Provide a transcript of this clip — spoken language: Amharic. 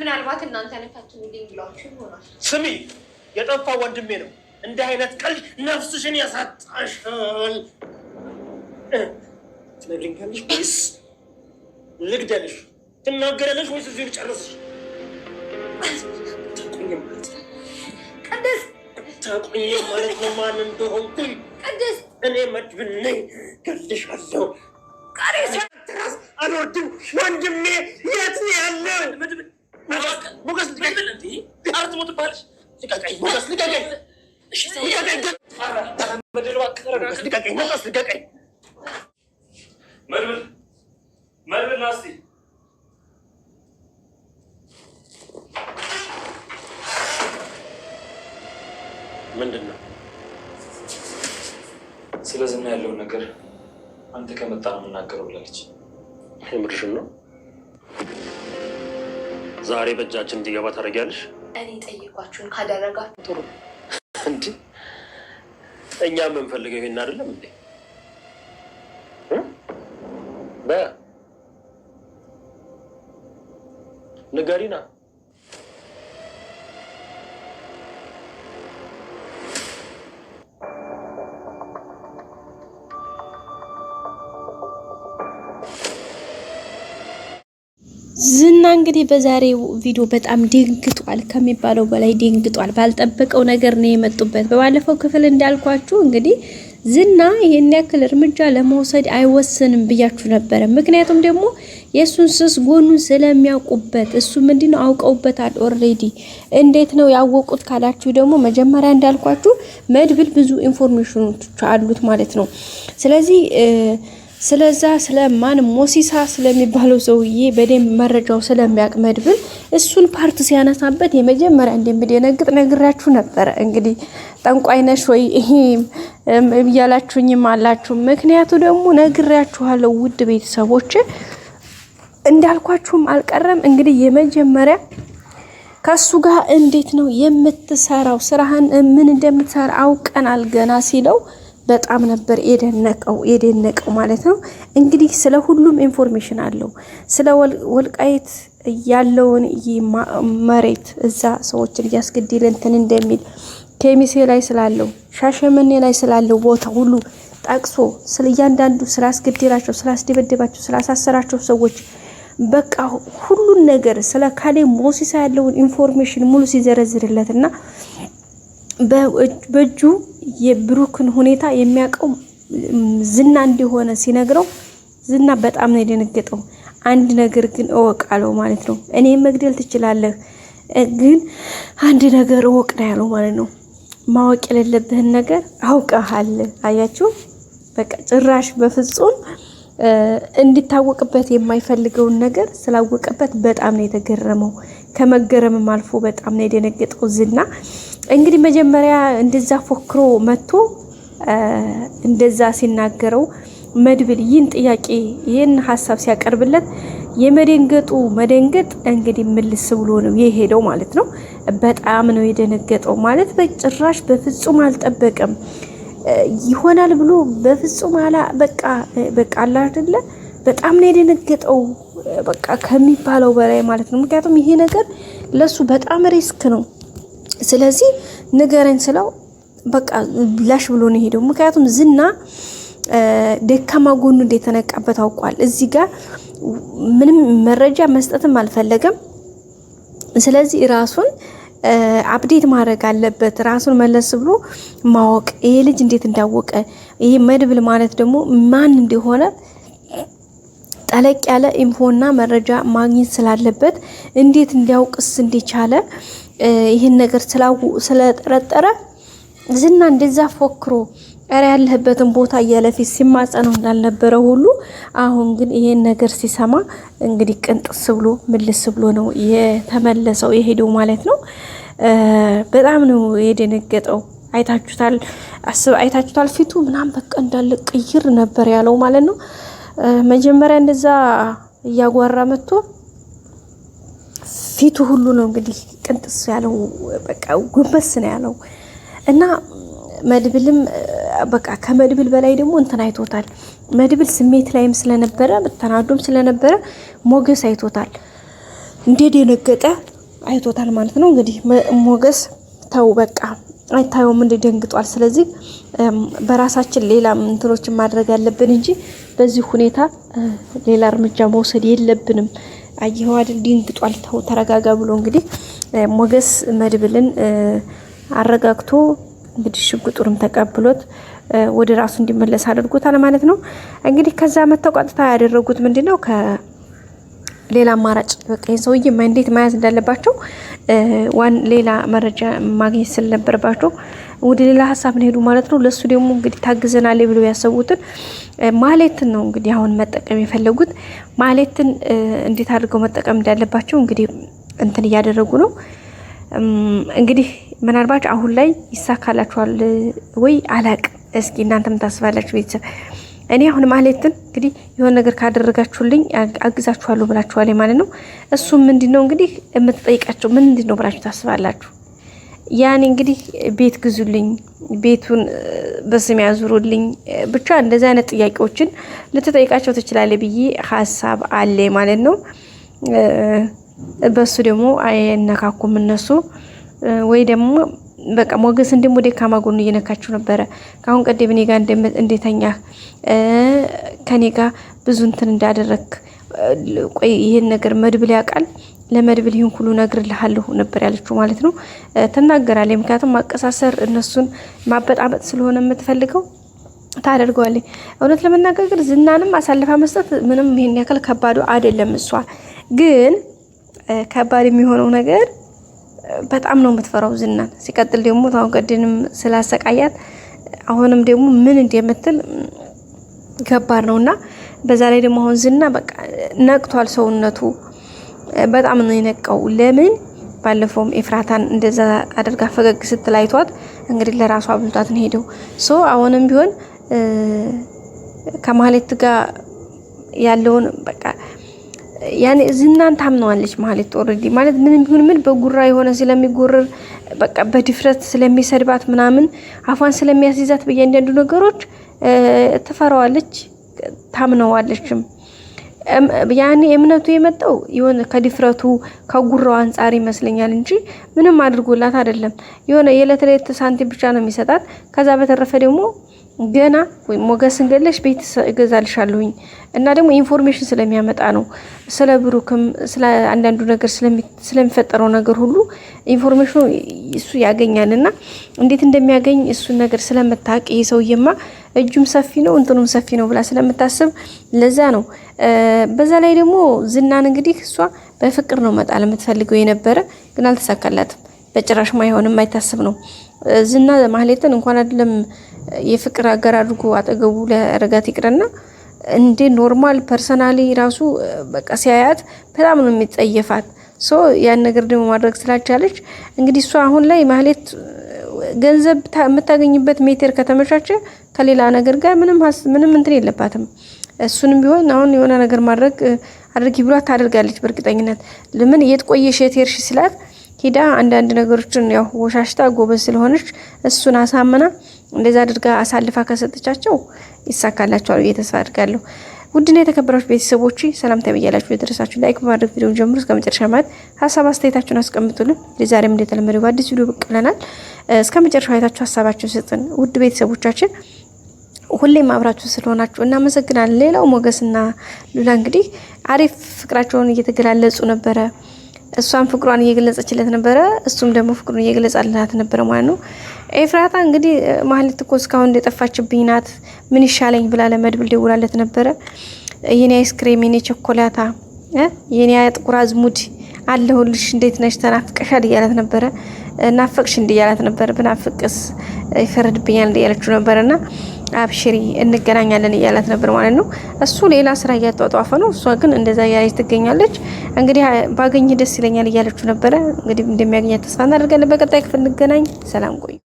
ምናልባት እናንተ ነካችሁልኝ ብላችሁ ይሆናል። ስሚ፣ የጠፋ ወንድሜ ነው። እንዲህ አይነት ቀልድ ነፍስሽን ያሳጣሻል። ትነግሪኛለሽ ወይስ ልግደልሽ? ትናገረለሽ ወይስ እዚሁ ልጨርስሽ? ታቆኝ ማለት ነው። ማለት ነው። ማን እንደሆንኩኝ ቅድስት፣ እኔ መድብን ነኝ። ገልሻለሁ። ቀሬ ሲያትራስ አልወድም። ወንድሜ የት ያለው? ምንድን ነው? ስለ ዝና ያለውን ነገር አንተ ከመጣ ነው የምናገረው ብላለች። የምርሽን ነው? ዛሬ በእጃችን እንዲገባ ታደርጊያለሽ? እኔ ጠየኳችሁን ካደረጋችሁ ጥሩ። እንዲ እኛ የምንፈልገው ይሄን አይደለም እንዴ? በ ንገሪና ዝና እንግዲህ በዛሬው ቪዲዮ በጣም ደንግጧል፣ ከሚባለው በላይ ደንግጧል። ባልጠበቀው ነገር ነው የመጡበት። በባለፈው ክፍል እንዳልኳችሁ እንግዲህ ዝና ይህን ያክል እርምጃ ለመውሰድ አይወስንም ብያችሁ ነበረ። ምክንያቱም ደግሞ የእሱን ስስ ጎኑን ስለሚያውቁበት እሱ ምንድን ነው አውቀውበታል ኦልሬዲ። እንዴት ነው ያወቁት ካላችሁ ደግሞ መጀመሪያ እንዳልኳችሁ መድብል ብዙ ኢንፎርሜሽኖች አሉት ማለት ነው። ስለዚህ ስለዛ ስለማን ሞሲሳ ስለሚባለው ሰውዬ በደንብ መረጃው ስለሚያውቅ መድብል እሱን ፓርት ሲያነሳበት የመጀመሪያ እንደምደነግጥ ነግራችሁ ነበረ። እንግዲህ ጠንቋይ ነሽ ወይ እያላችሁኝም አላችሁ። ምክንያቱ ደግሞ ነግራችኋለሁ ውድ ቤተሰቦች፣ እንዳልኳችሁም አልቀረም። እንግዲህ የመጀመሪያ ከሱ ጋር እንዴት ነው የምትሰራው፣ ስራህን ምን እንደምትሰራ አውቀናል ገና ሲለው በጣም ነበር የደነቀው የደነቀው ማለት ነው። እንግዲህ ስለ ሁሉም ኢንፎርሜሽን አለው። ስለ ወልቃይት ያለውን መሬት እዛ ሰዎችን እያስገድል እንትን እንደሚል ከሚሴ ላይ ስላለው ሻሸመኔ ላይ ስላለው ቦታ ሁሉ ጠቅሶ ስለ እያንዳንዱ ስላስገደላቸው፣ ስላስደበደባቸው፣ ስላሳሰራቸው ሰዎች በቃ ሁሉን ነገር ስለ ካሌ ሞሲሳ ያለውን ኢንፎርሜሽን ሙሉ ሲዘረዝርለት እና በእጁ የብሩክን ሁኔታ የሚያውቀው ዝና እንደሆነ ሲነግረው ዝና በጣም ነው የደነገጠው። አንድ ነገር ግን እወቅ አለው ማለት ነው። እኔ መግደል ትችላለህ፣ ግን አንድ ነገር እወቅ ነው ያለው ማለት ነው። ማወቅ የሌለብህን ነገር አውቀሃል። አያችሁ፣ በቃ ጭራሽ በፍጹም እንዲታወቅበት የማይፈልገውን ነገር ስላወቀበት በጣም ነው የተገረመው። ከመገረምም አልፎ በጣም ነው የደነገጠው ዝና እንግዲህ መጀመሪያ እንደዛ ፎክሮ መጥቶ እንደዛ ሲናገረው መድብል ይህን ጥያቄ ይህን ሀሳብ ሲያቀርብለት የመደንገጡ መደንገጥ እንግዲህ ምልስ ብሎ ነው የሄደው ማለት ነው። በጣም ነው የደነገጠው ማለት በጭራሽ በፍጹም አልጠበቀም። ይሆናል ብሎ በፍጹም አላ በቃ በቃ አላ አይደለ በጣም ነው የደነገጠው በቃ ከሚባለው በላይ ማለት ነው። ምክንያቱም ይሄ ነገር ለሱ በጣም ሪስክ ነው። ስለዚህ ንገረኝ ስለው በቃ ብላሽ ብሎ ነው ሄደው። ምክንያቱም ዝና ደካማ ጎኑ እንደተነቃበት አውቋል። እዚህ ጋር ምንም መረጃ መስጠትም አልፈለገም። ስለዚህ ራሱን አፕዴት ማድረግ አለበት። ራሱን መለስ ብሎ ማወቅ ይሄ ልጅ እንዴት እንዳወቀ ይሄ መድብል ማለት ደግሞ ማን እንደሆነ ጠለቅ ያለ ኢንፎና መረጃ ማግኘት ስላለበት እንዴት እንዲያውቅስ እንዲቻለ ይህን ነገር ስለጠረጠረ ዝና እንደዛ ፎክሮ ረ ያለህበትን ቦታ እያለፊት ሲማጸነው እንዳልነበረ ሁሉ አሁን ግን ይሄን ነገር ሲሰማ እንግዲህ ቅንጥስ ብሎ ምልስ ብሎ ነው የተመለሰው የሄደው ማለት ነው። በጣም ነው የደነገጠው። አይታችሁታል፣ አይታችሁታል ፊቱ ምናምን በቃ እንዳለ ቅይር ነበር ያለው ማለት ነው። መጀመሪያ እንደዛ እያጓራ መጥቶ ፊቱ ሁሉ ነው እንግዲህ ቅንጥስ ያለው በቃ ጎንበስ ነው ያለው እና መድብልም በቃ ከመድብል በላይ ደግሞ እንትን አይቶታል። መድብል ስሜት ላይም ስለነበረ ተናዶም ስለነበረ ሞገስ አይቶታል። እንዴት የነገጠ አይቶታል ማለት ነው። እንግዲህ ሞገስ ተው በቃ አይታየውም እንደ ደንግጧል። ስለዚህ በራሳችን ሌላ እንትኖችን ማድረግ ያለብን እንጂ በዚህ ሁኔታ ሌላ እርምጃ መውሰድ የለብንም። አየሁ አይደል ድንግጧል። ተው ተረጋጋ ብሎ እንግዲህ ሞገስ መድብልን አረጋግቶ እንግዲህ ሽጉጡንም ተቀብሎት ወደ ራሱ እንዲመለስ አድርጎታል ማለት ነው። እንግዲህ ከዛ መተው ቀጥታ ያደረጉት ምንድነው ከሌላ አማራጭ በቃ ሰውዬ እንዴት መያዝ እንዳለባቸው ዋን ሌላ መረጃ ማግኘት ስለነበረባቸው ወደ ሌላ ሀሳብ ነው ሄዱ ማለት ነው። ለሱ ደግሞ እንግዲህ ታግዘናል ብለው ያሰቡትን ማሌትን ነው እንግዲህ አሁን መጠቀም የፈለጉት። ማሌትን እንዴት አድርገው መጠቀም እንዳለባቸው እንግዲህ እንትን እያደረጉ ነው እንግዲህ ምናልባት አሁን ላይ ይሳካላችኋል ወይ አላቅ። እስኪ እናንተም ታስባላችሁ ቤተሰብ። እኔ አሁን ማለትን እንግዲህ የሆነ ነገር ካደረጋችሁልኝ አግዛችኋለሁ ብላችኋል ማለት ነው። እሱም ምንድን ነው እንግዲህ የምትጠይቃቸው ምንድን ነው ብላችሁ ታስባላችሁ? ያኔ እንግዲህ ቤት ግዙልኝ፣ ቤቱን በስም ያዙሩልኝ፣ ብቻ እንደዚህ አይነት ጥያቄዎችን ልትጠይቃቸው ትችላለህ ብዬ ሀሳብ አለ ማለት ነው። በሱ ደግሞ አይነካኩም እነሱ ወይ ደግሞ በቃ ሞገስን እንዲም ወደ ካማጎኑ እየነካችሁ ነበረ። ከአሁን ቀደም እኔ ጋር እንደተኛህ ከኔ ጋር ብዙ እንትን እንዳደረግ ቆይ ይሄን ነገር መድብል ያውቃል ለመድብል ይህን ሁሉ ነግርልሃለሁ ነበር ያለችው ማለት ነው። ትናገራለች። ምክንያቱም ማቀሳሰር እነሱን ማበጣበጥ ስለሆነ የምትፈልገው ታደርገዋለች። እውነት ለመናገር ግን ዝናንም አሳልፋ መስጠት ምንም ይሄን ያክል ከባዱ አይደለም። እሷ ግን ከባድ የሚሆነው ነገር በጣም ነው የምትፈራው ዝናን። ሲቀጥል ደግሞ ታውቀድንም ስላሰቃያት አሁንም ደግሞ ምን እንደምትል ከባድ ነውና፣ በዛ ላይ ደግሞ አሁን ዝና በቃ ነቅቷል ሰውነቱ በጣም ነው የነቀው። ለምን ባለፈውም ኤፍራታን እንደዛ አድርጋ ፈገግ ስትላይቷት እንግዲህ ለራሱ አብልቷት ነው ሄደው። ሶ አሁንም ቢሆን ከማህሌት ጋር ያለውን በቃ ያኔ ዝናን ታምነዋለች ማለት ኦልሬዲ ማለት ምንም ቢሆን ምን በጉራ የሆነ ስለሚጎርር በቃ በድፍረት ስለሚሰድባት ምናምን አፏን ስለሚያስይዛት በእያንዳንዱ ነገሮች ትፈራዋለች ታምነዋለችም። ያኔ እምነቱ የመጣው የሆነ ከድፍረቱ ከጉራው አንጻር ይመስለኛል እንጂ ምንም አድርጎላት አይደለም። የሆነ የዕለት ዕለት ሳንቲም ብቻ ነው የሚሰጣት። ከዛ በተረፈ ደግሞ ገና ወይም ሞገስን ገለሽ ቤት እገዛልሻለሁኝ እና ደግሞ ኢንፎርሜሽን ስለሚያመጣ ነው። ስለ ብሩክም ስለ አንዳንዱ ነገር ስለሚፈጠረው ነገር ሁሉ ኢንፎርሜሽኑ እሱ ያገኛል እና እንዴት እንደሚያገኝ እሱን ነገር ስለምታውቅ ይ ሰውዬማ እጁም ሰፊ ነው እንትኑም ሰፊ ነው ብላ ስለምታስብ ለዛ ነው። በዛ ላይ ደግሞ ዝናን እንግዲህ እሷ በፍቅር ነው መጣ ለምትፈልገው የነበረ ግን አልተሳካላትም። በጭራሽ አይሆንም፣ አይታስብ ነው ዝና ማህሌትን እንኳን አይደለም የፍቅር አገር አድርጎ አጠገቡ ሊያረጋት ይቅርና እንዴ ኖርማል ፐርሰናሊ ራሱ በቃ ሲያያት በጣም ነው የሚጸየፋት። ሶ ያን ነገር ደግሞ ማድረግ ስላልቻለች እንግዲህ እሷ አሁን ላይ ማህሌት ገንዘብ የምታገኝበት ሜቴር ከተመቻቸ ከሌላ ነገር ጋር ምንም እንትን የለባትም። እሱንም ቢሆን አሁን የሆነ ነገር ማድረግ አድርጊ ብሏት ታደርጋለች በእርግጠኝነት። ለምን የት ቆየሽ የት ሄድሽ ስላት ሄዳ አንዳንድ ነገሮችን ያው ወሻሽታ ጎበዝ ስለሆነች እሱን አሳምና እንደዛ አድርጋ አሳልፋ ከሰጠቻቸው ይሳካላቸዋል ብዬ ተስፋ አድርጋለሁ። ውድና የተከበራችሁ ቤተሰቦች ሰላም ብያላችሁ የደረሳችሁ ላይክ በማድረግ ቪዲዮን ጀምሮ እስከ መጨረሻ ማለት ሀሳብ አስተያየታችሁን አስቀምጡልን። ዛሬም እንደተለመደው በአዲስ ቪዲዮ ብቅ ብለናል። እስከ መጨረሻ አይታችሁ ሀሳባችሁን ስጥን። ውድ ቤተሰቦቻችን ሁሌም አብራችሁ ስለሆናችሁ እናመሰግናለን። ሌላው ሞገስና ሉላ እንግዲህ አሪፍ ፍቅራቸውን እየተገላለጹ ነበረ። እሷን ፍቅሯን እየገለጸችለት ነበረ፣ እሱም ደግሞ ፍቅሩን እየገለጸላት ነበረ ማለት ነው። ኤፍራታ እንግዲህ ማህሌት እኮ እስካሁን እንደጠፋችብኝ ናት፣ ምን ይሻለኝ ብላ ለመድብል ደውላለት ነበረ። የኔ አይስክሬም፣ የኔ ቸኮላታ፣ የኔ ጥቁር አዝሙድ አለሁልሽ፣ እንዴት ነሽ? ተናፍቀሻል እያላት ነበረ። ናፈቅሽ እንዲያላት ነበረ። ብናፍቅስ ይፈረድብኛል እንዲያለችው ነበረና አብሽሪ እንገናኛለን እያላት ነበር ማለት ነው። እሱ ሌላ ስራ እያጧጧፈ ነው፣ እሷ ግን እንደዛ እያለች ትገኛለች። እንግዲህ ባገኝ ደስ ይለኛል እያለችው ነበረ። እንግዲህ እንደሚያገኛት ተስፋ እናደርጋለን። በቀጣይ ክፍል እንገናኝ። ሰላም ቆዩ።